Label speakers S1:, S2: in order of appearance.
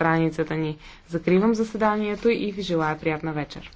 S1: страницата ни. Закривам заседанието и ви желая приятна вечер.